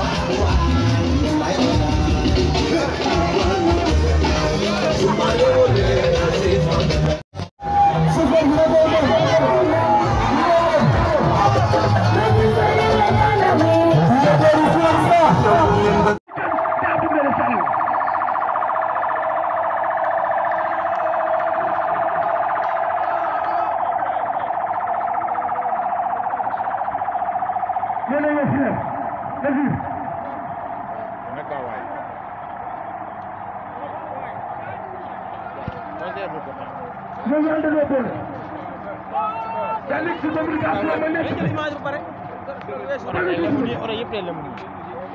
来吧，来吧。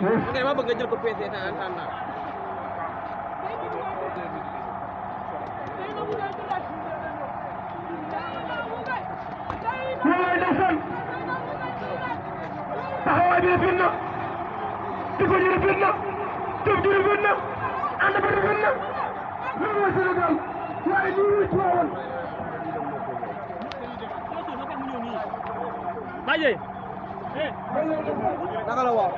mu ne ma bëgg nga jël ko PC te en attendant. wallaay ndeysaan taxawaay bi rafet na diko ji rafet na jëf ji rafet na ànd ba rafet na loolu mooy Sénégal waaye ñu ngi tuwaawal. Baaje. naka la waaw.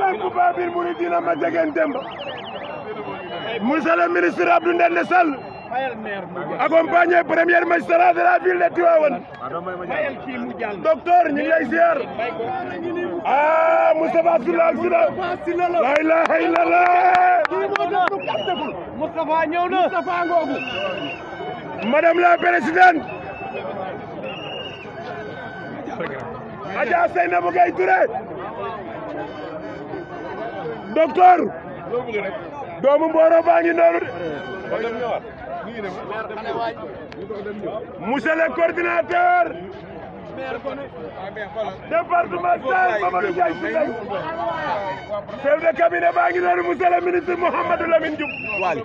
lakk Babil Mouridina ma jegen premier magistrat de de Tivaouane docteur ñu ngi lay ziar ah Moustapha Sylla ak Sylla la ilaha illallah Moustapha ñëw na Moustapha ngoogu Madame la Présidente Adja Seynabou Gaye Touré docteur doomu Mboro baa ngi noonu de monsieur départemental Mamadou Ndiaye si tey chef de cabinet baa ngi noonu monsieur le ministre Mouhamadou Lamine Diouf. waali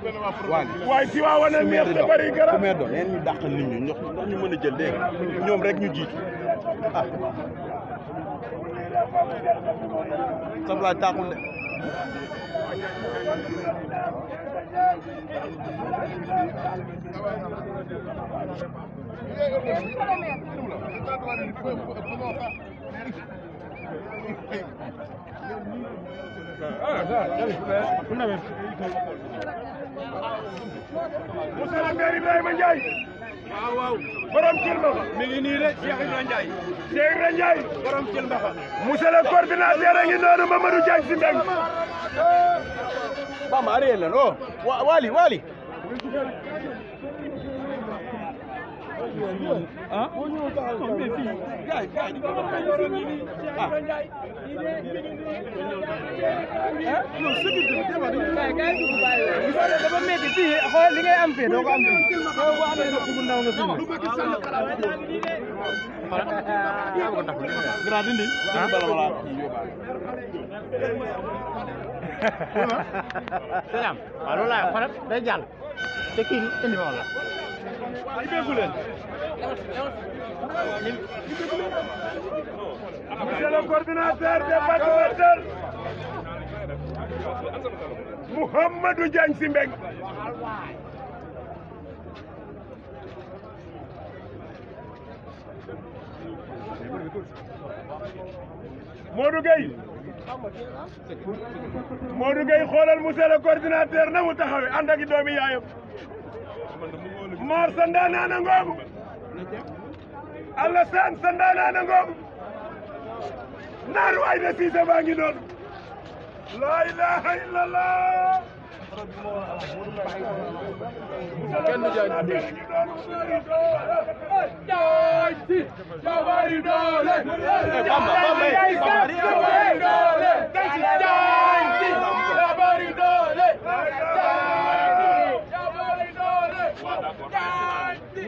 waali waaye si waa wane neex te bëri garab ku doon yéen ñu dàqal nit ñi ñox ndax ñu mën a jël léegi ñoom rek ñu jiitu ah. Sablaay taaxul de. Moussa la maire Ibrahima Ndiaye. borom Thiel mi ngi nii rek Cheikh Ibrahima Ndiaye. Cheikh Ibrahima Ndiaye. borom Thiel Mbafa. monsieur le coordinateur a ngi noonu Mamadou Diagne si Mbengue. Bama aree lan oh. Wali Wali. ah boo ñëw taxaw mais bi dafa métti fii am fii doo am fii yow boo amee ndox bu ndaw nga fi mu. grand dindi. ah bala wala. salaam te kii indi ma la. Monsieur le coordinateur des patriotes, Mohamedou Diagne Simbeng. Modou Gueye Modou Gueye xoolal monsieur le coordinateur na mu taxawe ànd ak doomi yaayam Mor sa ndaanaan a ngoogu Alassane sa ndaanaan a ngoogu naar waay de Cissé baa ngi noonu la ilaha illallah kenn du jaay di jaay si jawari doole bamba bamba bamba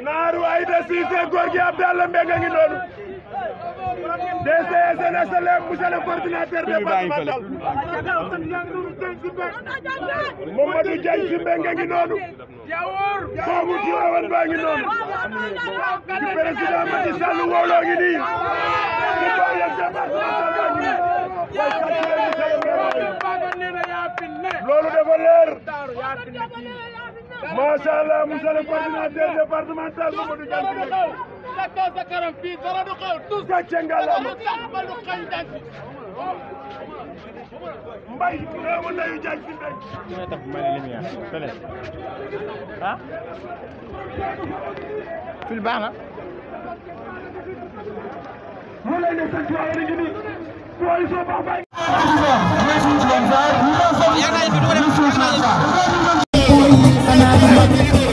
naaru Aïda Cissé góor gi Abdallah Mbengue ngi noonu DCS SNSLM monsieur le coordinateur départemental Mamadou Diagne baa ngi noonu ci président leer ماشاءالله مسلمان دې ډپارټمنټ ته موږ ډیګل تاسو کرم پی درنو کو تاسو څنګه لا تعملوا قيدا مبي ولا يجاج في البيت ما تحمل اليمين ثلاث ها في البعنة ولا ينسى على الجنين كويس وبابا يا نايف نور Thank you.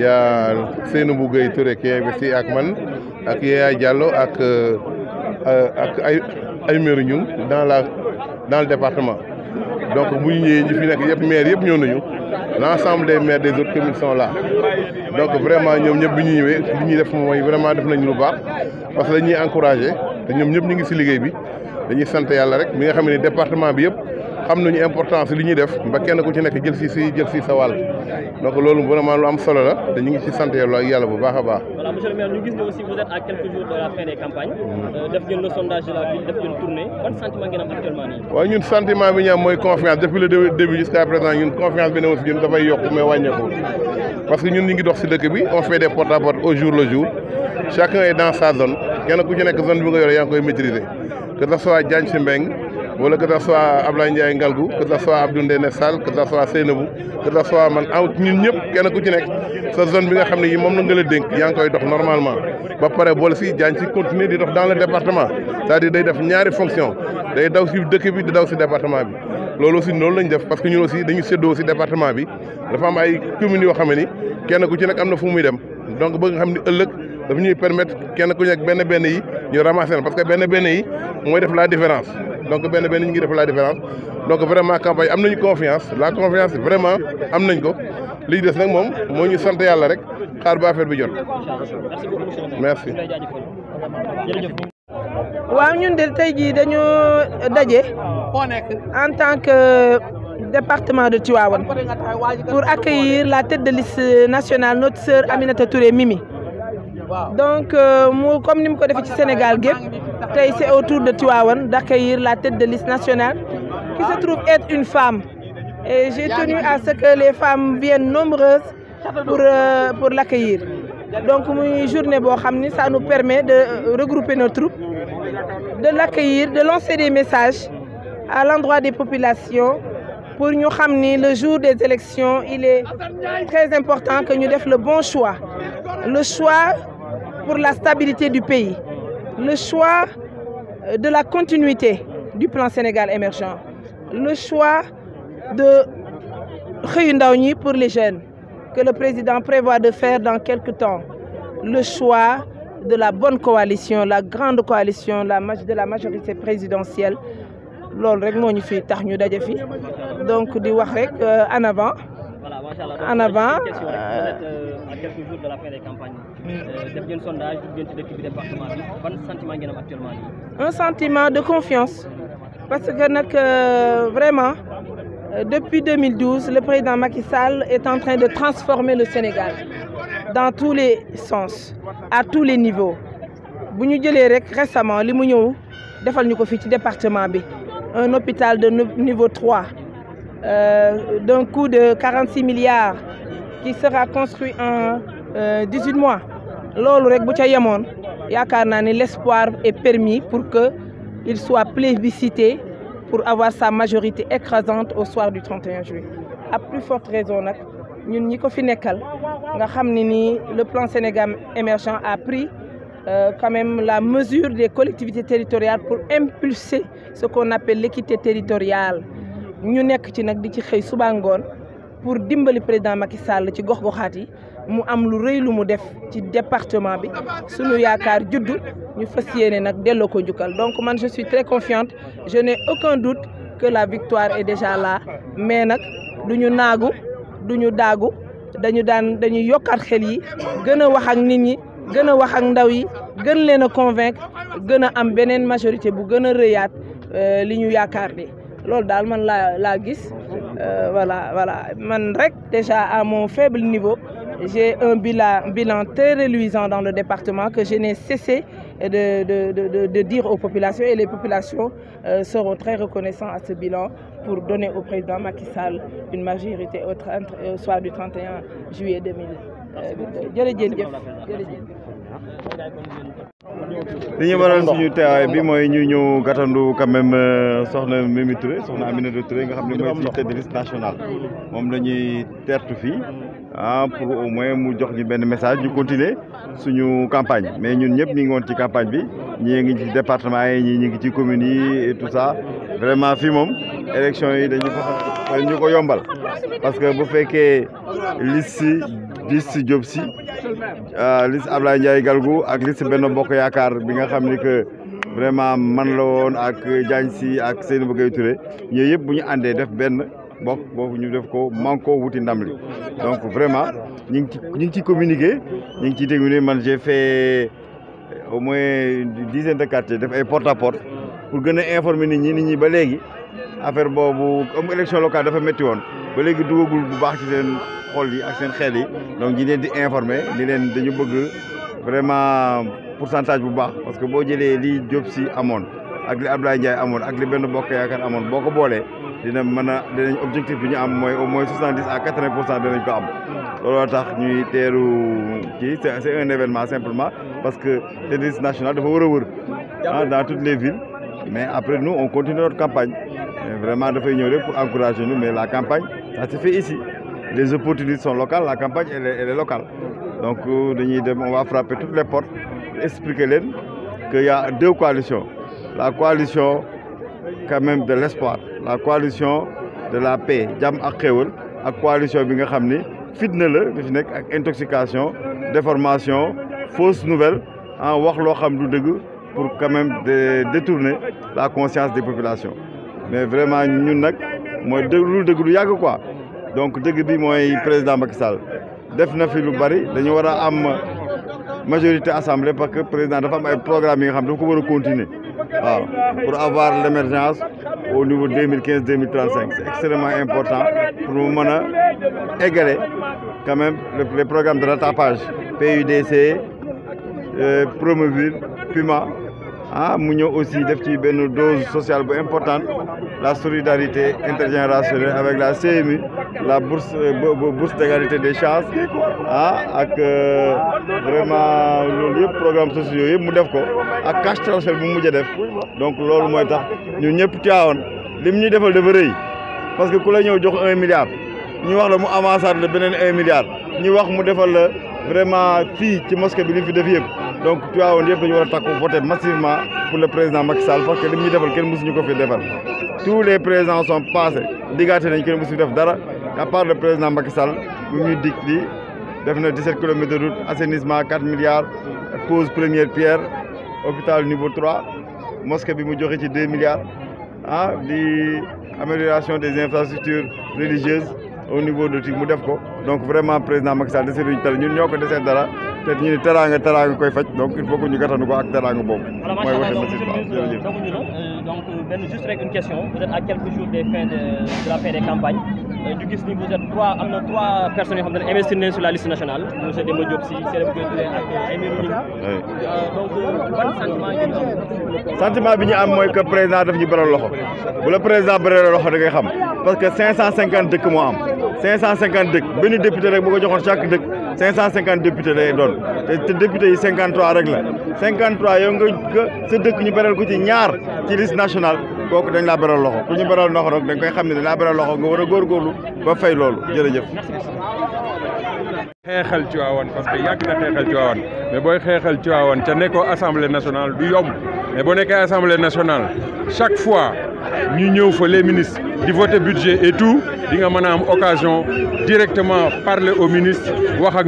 yaa Seynabou Gueye Touré qui investi ak man ak Yaya Diallo ak euh, ak ay ay maire ñu dans la dans le département donc bu ñu ñëwee ñi fi nek yépp maire yépp ñëw nañu l'ensemble des maires des autres communes sont là donc vraiment ñom ñëpp bi ñu ñëwé li ñuy def mooy vraiment def nañ lu baax parce que dañuy encourager te ñom ñëpp ñu ngi ci liggéey bi dañuy sant yalla rek mi nga xamné département bi yépp xam nañu importance li ñuy def ba kenn ku ci nek jël ci si jël ci sa wal donc loolu vraiment lu am solo la te ngi ci sant yàlla ak yàlla bu baax a baax. voilà monsieur le maire ñu gis mm. euh, bi ñu mooy confiance depuis le début jusqu'à présent ñun confiance bi ne aussi yokk mais wàññeeku parce que ñun ñu ngi dox si dëkk bi on fait des porte au jour le jour chacun est dans sa zone kenn ku ci nekk zone bi nga yore yaa ngi koy maîtriser que ça soit jaañ Sy Mbengue wala que ça soit Ablaye Ndiaye Ngalgu que ça soit Abdou Ndéné Sall que ça soit Seynabou que ça man aw ñun ñëpp kenn ku ci nekk sa zone bi nga xam ne yi moom na nga la dénk yaa ngi koy dox normalement ba pare boole si jaan ci continuer di dox dans le département cest à day def ñaari fonction day daw si dëkk bi di daw si département bi loolu aussi noonu lañ def parce que ñun aussi dañu séddoo si département bi dafa am ay communes yoo ni kenn ku ci nekk am na fu muy dem dafa ñuy permettre kenn ku nekk benn benn yi ñu ramasser parce que benn benn yi mooy def la différence donc benn benn ñu ngi def la différence donc vraiment campagne am nañu confiance la confiance vraiment am nañ ko li ñu des nag moom moo ñu sant yàlla rek xaar ba affaire bi jot merci waaw ñun de tey jii en tant que département de Tivaouane pour accueillir la tête de liste nationale notre sœur Aminata Touré Mimi donc euh, moi, comme nous ko Sénégal c'est autour de Tuawan d'accueillir la tête de liste nationale qui se trouve être une femme et j'ai tenu à ce que les femmes viennent nombreuses pour euh, pour l'accueillir donc journée ça nous permet de euh, regrouper nos troupes de l'accueillir de lancer des messages à l'endroit des populations pour nous ramener le jour des élections il est très important que nous fassions le bon choix le choix pour la stabilité du pays, le choix euh, de la continuité du plan Sénégal émergent, le choix de Réunion pour les jeunes que le président prévoit de faire dans quelques temps, le choix de la bonne coalition, la grande coalition la de la majorité présidentielle. Donc, en avant. Euh, euh, euh, en avant un sentiment de confiance parce que vraiment depuis 2012 le président Macky Sall est en train de transformer le Sénégal dans tous les sens à tous les niveaux Si nous récemment nous avons fait département un hôpital de niveau 3. Euh, d'un coût de 46 milliards qui sera construit en 18 euh, mois C'est l'espoir est permis pour qu'il soit plébiscité pour avoir sa majorité écrasante au soir du 31 juillet à plus forte raison nous le plan Sénégal émergent a pris euh, quand même la mesure des collectivités territoriales pour impulser ce qu'on appelle l'équité territoriale ñu nekk ci nag di ci pour dimbali président Macky Sall ci gox mu am lu rëy lu mu def ci département bi suñu yaakaar juddu ñu fas yéene nag donc je suis très confiante je n'ai aucun doute que la victoire est déjà là mais nag duñu nous naagu Nous daagu dañu daan dañuy yokkaat xel yi gën a wax ak nit ñi gën wax ak ndaw yi gën leen convaincre gën am beneen majorité bu gën a rëyaat euh, L'ordre dal man euh, voilà voilà man déjà à mon faible niveau j'ai un bilan bilan très reluisant dans le département que je n'ai cessé de de dire aux populations et les populations euh, seront très reconnaissants à ce bilan pour donner au président Macky Sall une majorité au euh, soir du 31 juillet 2000 li ñu waral suñu teewaay bi mooy ñu ñëw gàttandu quand même euh, soxna Mimi Touré soxna Aminata Touré nga xam ne mooy suñu tête de liste moom la ñuy teertu fii ah pour au moins mu jox ñu benn message ñu continuer suñu campagne mais ñun ñëpp ñu ngi woon ci campagne bi ñii ngi ci département yi ñii ñu ngi ci commune yi et tout ça vraiment fii moom élection yi dañu fexe ñu ko yombal parce que bu fekkee liste si Diop si euh, liste Ablaye Ndiaye Galgou ak liste Benno Bokk Yaakaar bi nga xam ni que vraiment man la woon ak Diagne si ak Seynabou Gueye Touré ñooñu yëpp bu ñu àndee def benn bokk boobu ñu def ko ko wuti ndam li donc vraiment ñu ngi ci ñu ngi ciy communiqué ñu ngi ciy déglu man j'ai fait au moins une dizaine de quartiers def ay port à port pour gën a informer nit ñi nit ñi ba léegi affaire boobu comme élection locale dafa métti woon ba léegi dugagul bu baax ci seen. xol yi ak xel yi donc ñi est di informer est vraiment pourcentage bu bas. parce que si jëlee li Diop Sy amoon ak li Abdoulaye Ndiaye amoon ak li benn bokk yaakaar amoon boo ko dina mën dinañ objectif ñu am au moins 70 à 80% de pour C'est un événement simplement parce que tennis national doit wër ah, dans toutes les villes mais après nous on continue notre campagne vraiment dafay ñëw ignorer pour encourager nous mais la campagne ça se fait ici les opportunités sont locales, la campagne est, locale. Donc euh, on va frapper toutes les portes, expliquer qu'il y a deux coalitions. La coalition quand même de l'espoir, la coalition de la paix, Jam ak coalition bi nga la déformation fausses nouvelles en ah, pour quand même détourner la conscience des populations mais vraiment nous, nous quoi donc je bi le président Macky Sall def na fi lu bari dañu majorité assemblée parce que président dafa am ay programme yi nga continuer pour avoir l'émergence au niveau 2015-2035. C'est extrêmement important pour nous mën égaler quand même les programmes de rattrapage PUDC euh, Promoville Puma nous ah, mu aussi def ci dose sociale importante la solidarité intergénérationnelle avec la CMU la bourse euh, bourse d'égalité des chances avec ah, ak euh, vraiment le programme social yëpp mu def ko ak cash transfert bu mu donc nous devons tax ñun ñëpp Tivaouane lim ñuy parce que nous avons 1 jox milliard nous avons la mu avancer la milliard nous wax mu defal la vraiment fii ci mosquée bi li fi donc tu as dit que tu as voter massivement pour le président Macky Sall parce que li ñuy defal tous les présidents sont passés diggaate nañ kenn mësuñu def dara à part le président Macky Sall on ñuy dit di def 17 km de route assainissement 4 milliards pose première pierre hôpital niveau 3 mosquée bi 2 milliards ah, amélioration des infrastructures religieuses au niveau de Tic donc vraiment président Macky Sall deseetuñu tal ñun de ko dara te ñu ne teraanga koy faj donc il faut que ñu gàttandu ko ak teraanga boobu. moy wote Masjid Ba donc ben juste rek une question vous êtes à quelques jours des fins de de la fin des campagnes du euh, gis ni vous êtes trois amna trois personnes yo xam ne investir nañ sur la liste nationale monsieur Demba Diop si Serigne Gueye ak Émile donc ban sentiment ngeen sentiment bi ñu am moy que président daf ñu bëral loxo bu le président bëral loxo da ngay xam parce que 550 dëkk mo am 550 dëkk benn député rek bu ko joxon chaque dëkk. 550 député lay doon te député yi 53 rek la 53 yow nga sa dëkk ñu beral ko ci ñaar ci liste nationale kooku dañ laa beral loxo ku ñu beral loxo rek dañ koy xam ne dañ laa beral loxo nga war a góor góorgóorlu ba fay loolu jërëjëf. xeexal Tivaouane parce que yàgg na xeexal Tivaouane mais booy xeexal Tivaouane te nekkoo assemblée nationale du yomb mais boo nekkee assemblée nationale chaque fois ñu ñëw fa les ministres di voter budget et tout di nga mën am occasion directement parler aux ministres wax ak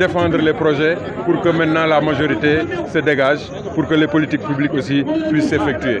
défendre les projets pour que maintenant la majorité se dégage pour que les politiques publiques aussi puissent s'effectuer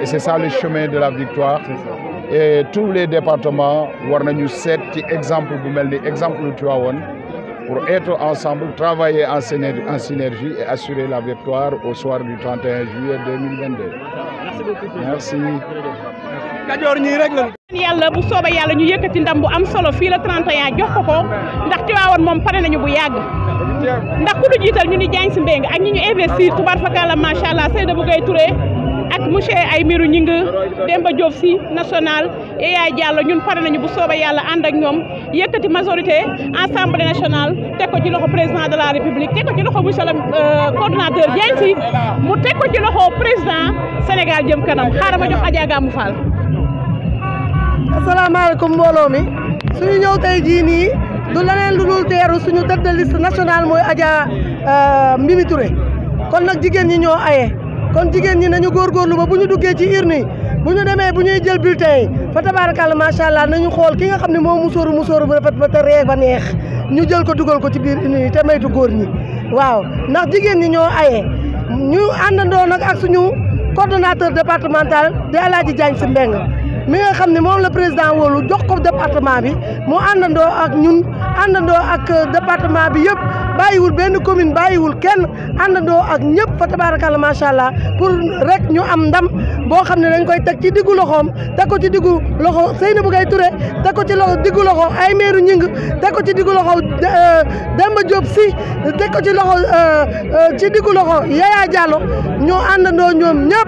et c'est ça le chemin de la victoire. Et tous les départements, war avons 7 exemples, exemple exemple pour être ensemble, travailler en synergie et assurer la victoire au soir du 31 juillet 2022. Merci beaucoup. Merci. kajoor ñii yàlla bu soobee yàlla ñu yëkkati ndam bu am solo fii la 31 jox ko ko ndax Tiwaawan moom pare nañu bu yàgg ndax ku du jiital ñu ni jaañ si mbéy ak ñi ñu investir tubarfakala macha allah bu Gaye Touré ak monsieur Aymirou dem ba Diop si national Yaya Diallo ñun pare nañu bu soobee yàlla ànd ak ñoom yëkkati majorité assemblée nationale teg ko ci loxo président de la république teg ko ci loxo monsieur le euh, coordonnateur Diagne mu te ko ci loxo président jëm kanam xaaral ma jox Assalamualaikum mbooloo mi suñu ñew tay ji ni du leneen lu dul teeru suñu tête de liste nationale mooy Adja euh, mbimi Touré kon nak jigen ñi ñoo aye kon jigen ñi nañu lu ba buñu duggé ci irni buñu démé demee jël bulletin fa tabaarakàlla macha allah nañu xol ki nga xamni mo musoru musoru bu rafet ba ta ree ba neex ñu jël ko duggal ko ci biir urne té maytu gor ñi waaw nak jigen ñi ñoo aye ñu andando nak ak suñu coordinateur départemental di aladi Diagne ci Mbeng mi nga xam ne moom la président wóolu jox ko département bi mu àndandoo ak ñun àndandoo ak département bi yëpp bàyyiwul benn commune bàyyiwul kenn àndandoo ak ñëpp fa tabaarakalla macha allah pour rek ñu am ndam boo xam ne dañ koy teg ci diggu loxoom teg ko ci diggu loxo Seynabou Gaye Touré teg ko ci loxo diggu loxo ay meeru ñing teg ko ci diggu loxo euh, Demba Diop si teg ko ci loxo euh, euh, ci diggu loxo Yaya Diallo ñoom ñëpp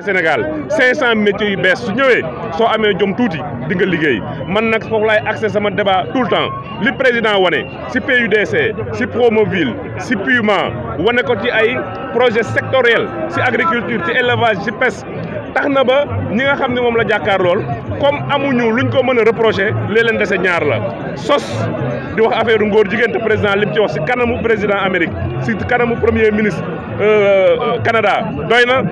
Sénégal 500 métiers yu bees su ñëwee soo amee jom touti, di nga liggéey man nag foofu laay accès sama débat tout le temps li président wane si PUDC c'est Promoville si PUMA wane ko ci ay projet sectoriel si agriculture ci élevage si pêche tax ni ba ñi nga xam ne la jàkkaar lool comme amuñu luñ ko mën reprocher, reproché lee leen dese ñaar la sos di wax affaire ngóor jigéen président li mu ci wax kanamu président Amérique c'est kanamu premier ministre euh, euh, Canada Doyna.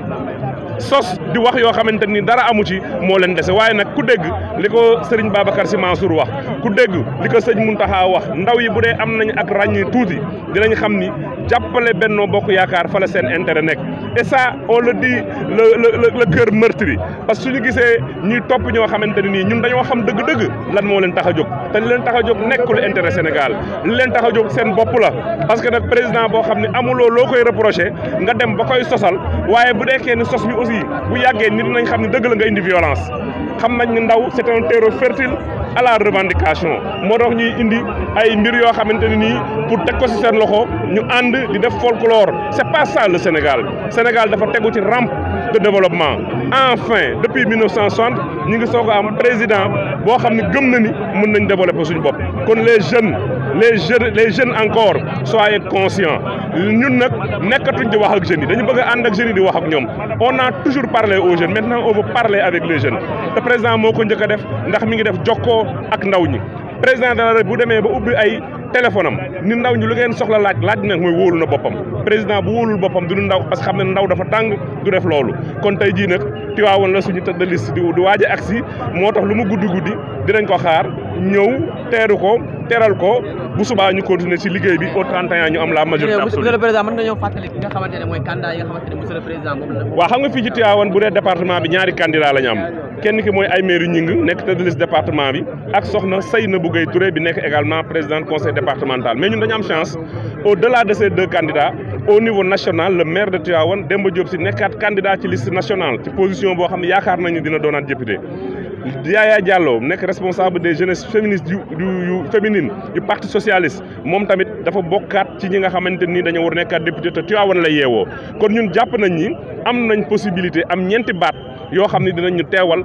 sos di wax yo xamanteni ni dara amu ci mo len dese waye nak ku dégg liko serigne Babacar si Mansour wax ku dégg liko serigne muntaha wax ndaw yi budé am nañ ak touti dinañ xamni jappalé Benno bokku yakar fa la sen intérêt nek et ça on le dit le le le cœur meurtri parce que su ñu gisee ñuy topp ñoo ñun dañu xam dëgg-dëgg lan mo len taxa a té te li leen tax a jóg intérêt Sénégal li leen tax a jóg la parce que nak président bo xamni amulo lokoy reprocher nga dem bakoy sosal waye bu deekee sos bi aussi bu yàggee nit nañ xam ne dëgg la nga indi violence xam nañ ne ndaw c'est un fertile à la revendication moo tax ñuy indi ay mbir yoo xamante ne nii pour teg ko ci seen loxo ñu ànd di def folklore c'est pas ça le Sénégal Sénégal dafa tegu ci rampe de développement enfin depuis 1960 nous ngi un président qui xam ne gëm na ni développer suñu kon les jeunes les jeunes les jeunes encore soyez conscients Nous, ne sommes di wax ak jeunes dañu bëgg jeunes on a toujours parlé aux jeunes maintenant on veut parler avec les jeunes Le président moo ko njëkk a def ndax mi ngi président de la République bu téléphone am ni ndaw ñu lu ngeen soxla laaj laaj nag mooy wóolu na boppam président bu wóolul boppam du ndaw parce que xam ne ndaw dafa tàng du def loolu kon tey jii nag Tiwaawoon la suñu tëdd liste di waaj a agsi moo tax lu mu guddi guddi dinañ ko xaar ñëw teeru ko teral ko bu subaa ñu continuer ci liggéey bi au 31 ñu am la majorité absolue. monsieur le président mën nga ñëw fàttali ki nga xamante ne mooy candidat yi nga xamante xam nga fii ci Tiwaawoon bu dee département bi ñaari candidat la ñu am. kenn ki mooy Aymerou Gningue nekk tête de liste département bi ak soxna Seynabou Gueye Touré bi nekk également président conseil départemental mais ñun dañu am chance au-delà de ces deux candidats au niveau national le maire de Tivaouane Demba Diop si nekkat candidat ci liste nationale ci position boo xam ne yaakaar nañu dina doonaat député Yaya Diallo nekk responsable des jeunesses féministes du du féminine du parti socialiste moom tamit dafa bokkaat ci ñi nga xamante ni dañoo war nekkaat député te Tivaouane la yeewoo kon ñun jàpp nañ ni am nañ possibilité am ñeenti baat yoo xam ne dinañ ñu teewal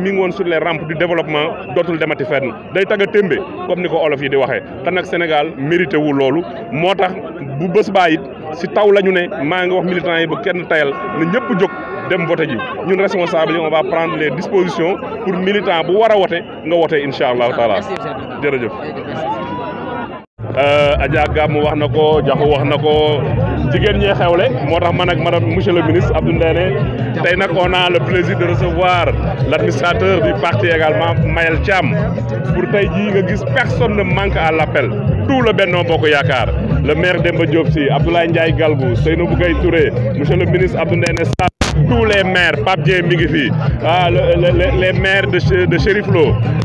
mi ngi woon sur les rampes du développement dotul demati fenn day tagga tembe comme niko olof yi di waxe te nag Sénégal mérité wu lolu motax bu beus bayit ci taw lañu ñu ne maa ngi wax militant yi bu kenn tayal ne ñepp jog dem voter ji ñun responsable on va prendre les dispositions pour militant bu wara voter nga wote incha allahu taala euh Adja gam wax na ko wax Je ñi monsieur le ministre Abdou on a le plaisir de recevoir l'administrateur du parti également Mayel Cham. pour tay ji nga gis personne ne manque à l'appel. tout le Benno Bokk Yakar, le maire Demba Diop si Abdoulaye Ndiaye Galbou, Seynabou Touré monsieur le ministre Abdou tous les maires, Pape Dieng mi ngi ah, les maires de de Chérif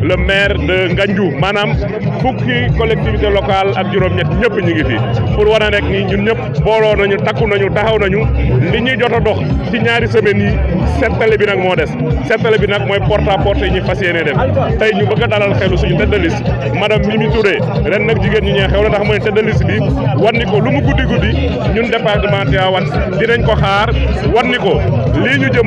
le maire de Nganjou, manam fukki collectivité locale ak juróom-ñett ñëpp ñu ngi fii pour wane rek ni ñun ñëpp booloo nañu takku nañu taxaw nañu li ñuy jot a dox ci ñaari semaines yi settale bi nag moo des settale bi nag porte à porte yi ñu fas yéene def tey ñu bëgg dalal xelu suñu tête madame Mimi Touré ren nag jigéen ñi ñee xew la ndax mooy tête de liste bi wan ni lu mu guddi guddi ñun département Tivaouane dinañ ko xaar wan ni ko людям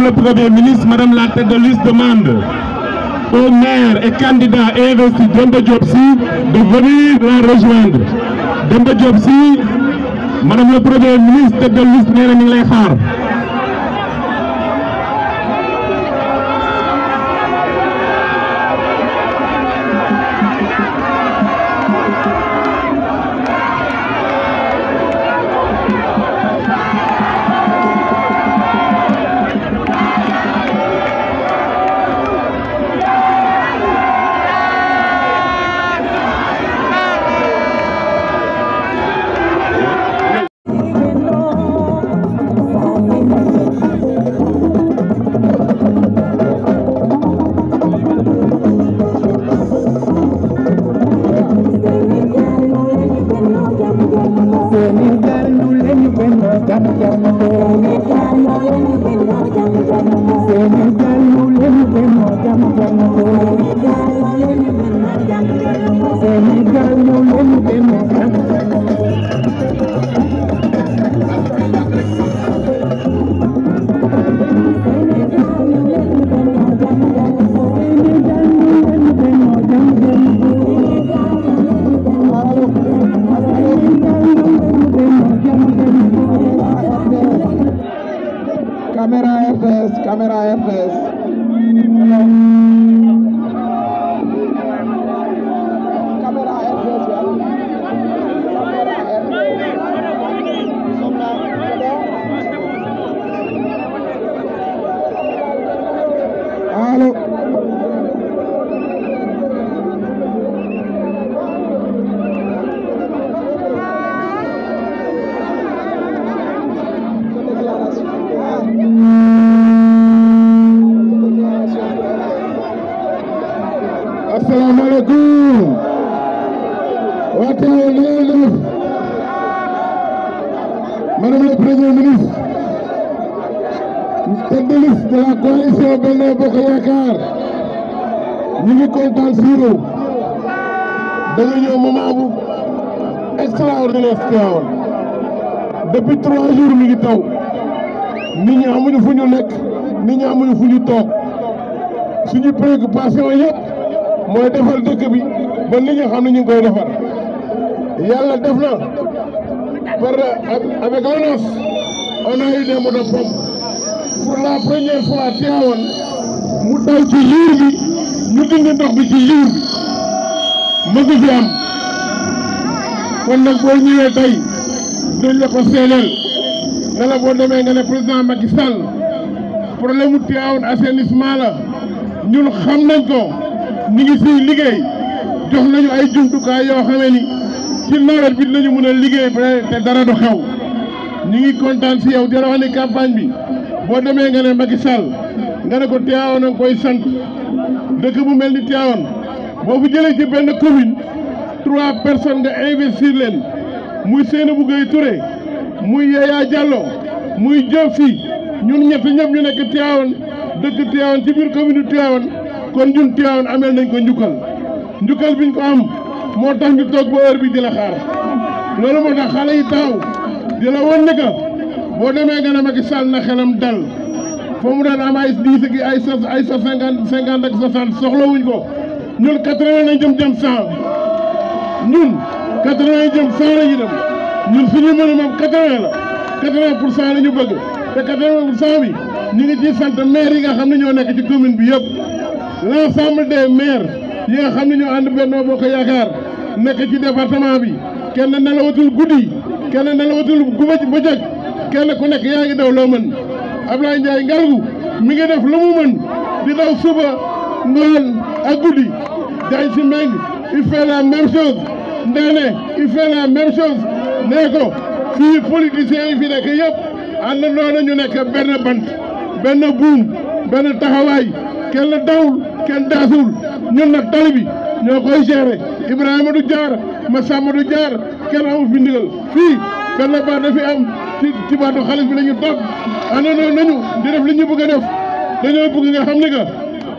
Madame le Premier ministre, Madame la tête de liste demande aux maires et candidats et investis Dembe Diopsi de venir la rejoindre. Dembe Diopsi, Madame le Premier ministre, tête de liste, kaw nit ñi amuñu fu ñu nekk nit ñi amuñu fu ñu toog suñu préoccupation yëpp mooy defar dëkk bi ba nit ñi xam ne ñu ngi koy defar yàlla def na par avec ONAS on a eu des motos pompes pour la première fois teewoon mu daw ci liir bi ñu dindi ndox bi ci liir bi mësu fi am kon nag boo ñëwee tey duñ la seeleel ne la boo demee nga ne président Macky Sall problème mu Tivaouane assainissement la ñun xam nañ ko ñu ngi siy liggéey jox nañu ay jumtukaay yoo xamee ni ci nawet bi dinañu mën a liggéey ba te dara du xew ñu ngi kontaan si yow di wax ni campagne bi boo demee nga ne Macky Sall nga ne ko Tivaouane a ngi koy sant dëkk bu mel ni Tivaouane boo bu jëlee ci benn commune trois personnes nga investir leen muy Seynabou Gueye Touré. muy Yaya Diallo muy jofi, ñun ñepp ñëpp ñu nek tipir deug tiawon ci bir commune tiawon kon ñun tiawon amel nañ ko ñukal ñukal biñ ko am mo tax ñu tok bo heur bi di la xaar lolu mo tax xalé yi taw di la ne que boo demee gën a Macky na xelam dal fo mu daan am ay dix gi ay sa ay sa 50 cinquante ak soxlo wuñ ko ñun 80 jëm jëm 100 ñun 80 jëm 100 ñu dem ñun suñu mën moom 80 la 80 pour cent la ñu bëgg te 80 pour cent bi ñu ngi ciy sant maire yi nga xam ne ñoo nekk ci commune bi yëpp l' ensemble bi kenn nelawatul guddi kenn nelawatul guba bëccëg kenn ku nekk yaa ngi daw loo mën Ablaye Ndiaye Ngalgu mi ngi def lu di daw suba ngoon ak guddi Diagne Sy Mbengue il fait la même chose Ndéné il fait la même chose neko fi politiciens yi fi nekk yëpp àndandoo ñu nek ben ban ben buum ben taxaway kenn dawul kenn dasul ñun nak tali bi ñoo koy gérer Ibrahima du jaar Massamba du jaar kenn amu fi ndigal ben ba da fi am ci ci baatu xaalis bi lañu ñu topp àndandoo nañu di def li ñu bëgg a def dañu bëgg nga xam ne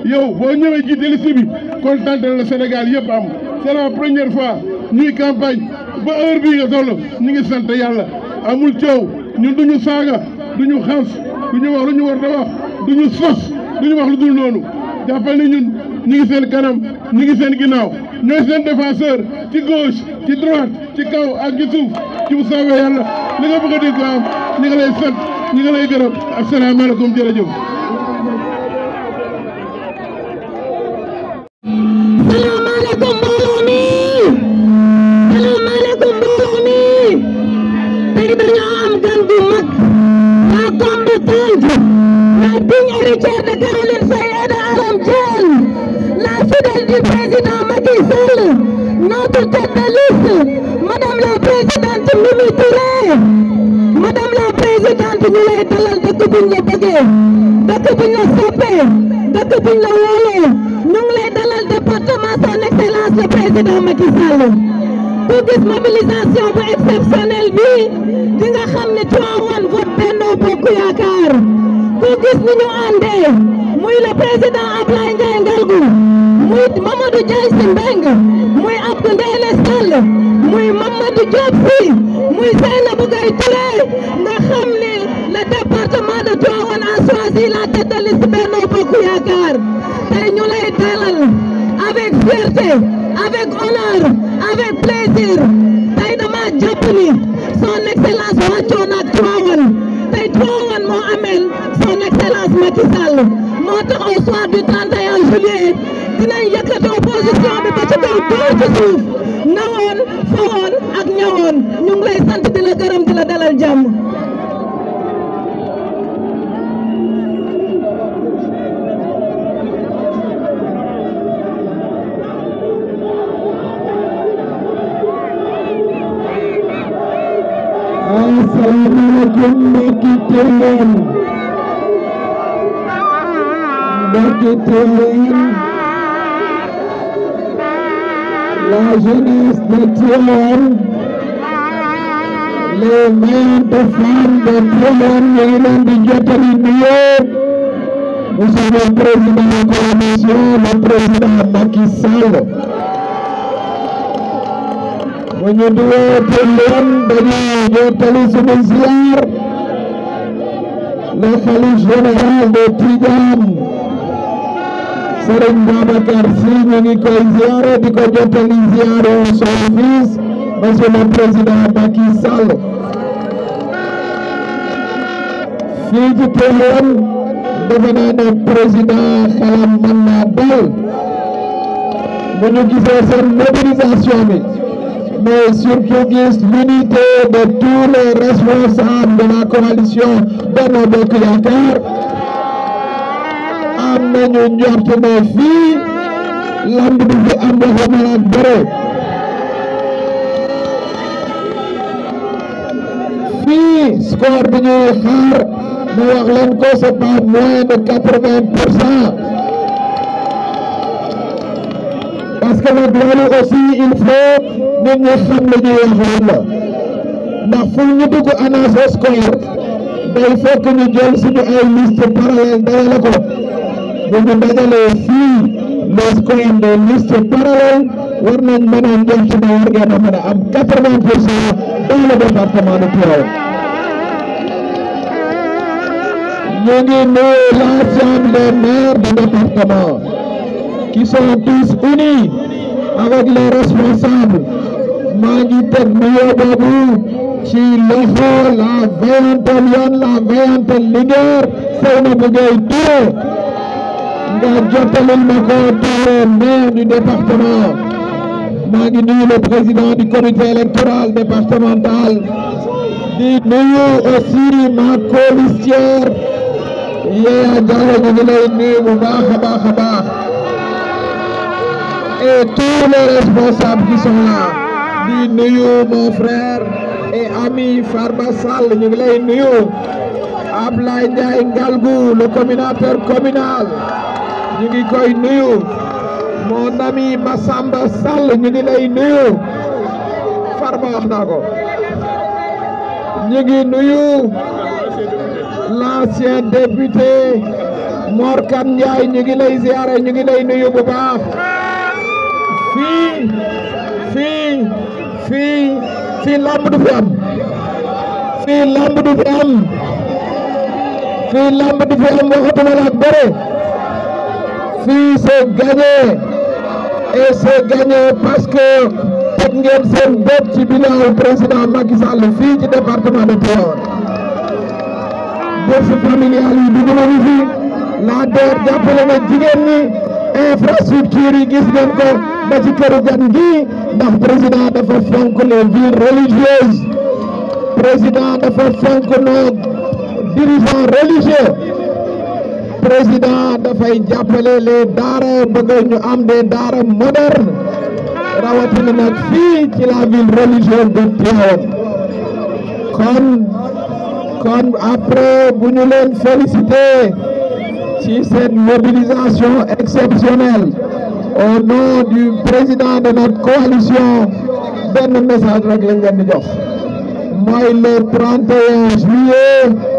yow bo ñëwé ci liste bi contenter le Sénégal yeb am c'est la première fois ni campagne. ba heure bii nga toll ñu ngi sant yàlla amul coow ñun du ñu saaga du ñu xas du ñu wax lu ñu war a wax du ñu sos du ñu wax lu dul noonu jàppal ni ñun ñu ngi seen kanam ñu ngi seen ginnaaw ñooy seen défenseur ci gauche ci droite ci kaw ak ci suuf ci bu soobee yàlla li nga bëgg a dégg am ñu ngi lay sant ñu ngi lay gërëm asalaamaaleykum jërëjëf. tête de liste, madame la présidente Mimi Touré la présidente ñu lay dalal dëkk buñ la bëggee dëkk buñ la soppee dëkk buñ la wóolee ñu ngi lay dalal département son excellence le président Macky Sall ku gis mobilisation bu exceptionnelle bi di nga xam ne Tivaouane vote Benno Bokk Yaakaar ku gis ni ñu àndee muy le président Ablaye Ndiaye Ngalgou muy Mamadou Ndiaye Sy Mbengue Abdou Ndéné Sall muy Mamadou Diop Sy muy Seynabou Gaye Touré nga xam ne le département de Tivaouane a choisi la tête de liste Benno Bokk Yaakaar tey ñu lay dalal avec fierté avec honneur avec plaisir tey dama jàpp ni Sall soir du 31 juillet dinañ opposition bi ba ci kaw ci suuf nawoon fawoon ak ñawoon ñu ngi lay sant di Assalamualaikum warahmatullahi wabarakatuh. que tem L'agir spirituelle Les mères de femmes de première ligne individuelle de Nous avons le président de la commission, le président Macky Sall bu ñu duwee pëlëm dañuy jottali sunu ziar le khalife général de Tidiane sëriñ Babacar Sy ñu ngi koy ziare di jottali à son fils monsieur le président Macky Sall fii ci Tiwaawan defe le président xelam mën naa nous bu ñu gisee mobilisation bi mais surtout gis l'unité de tous les responsables de la coalition de Bokk Yaakaar am nañu njort ne fii lamb bi fi am dafa mën a bëre fii score bi xaar mu wax leen ko c'est pas moins de quatre parce que nag loolu aussi il faut score liste parallèle la Remember the C, must go in the list of parallel, one man man and then to the organ of an government person, all of them are from on the floor. Yogi no last jam the mayor bada partama. Kisan tis uni, agad le responsabu, magi te mayor babu, ci loxo la veillante lion la veillante leader Seynabou Ndiaye Touré le maire du département le président du comité électoral départemental di aussi ma commissaire, et tous les responsables qui sont là du mon frère et ami Farba Sall lay le communateur communal ñu ngi koy nuyu mon ami Massamba Sall ñu ngi lay nuyu Farba wax naa ko ñu ngi nuyu l'ancien député Mor Kane Ndiaye ñu ngi lay ziare ñu ngi lay nuyu bu baax fii fii fii lamb du fi am fii lamb du fi am fii lamb du fi am waxatuma la vie, c'est gagné. Et c'est gagné parce que ngeen seen ci bilan président Macky Sall fii ci département de Tivaouane. bourse familiale yi dugg fi la DER jàppale na jigéen infrastructure yi gis ngeen ko ba ci gi ndax président dafa fonk les villes religieuses religieux. président dafay jàppale les daara bëgg ñu am des daara moderne rawatina nak qui ci la ville religieuse de Pierre. comme après vous nous leen féliciter ci cette mobilisation exceptionnelle au nom du président de notre coalition Ben message rek lañ leen di jox le 31 juillet.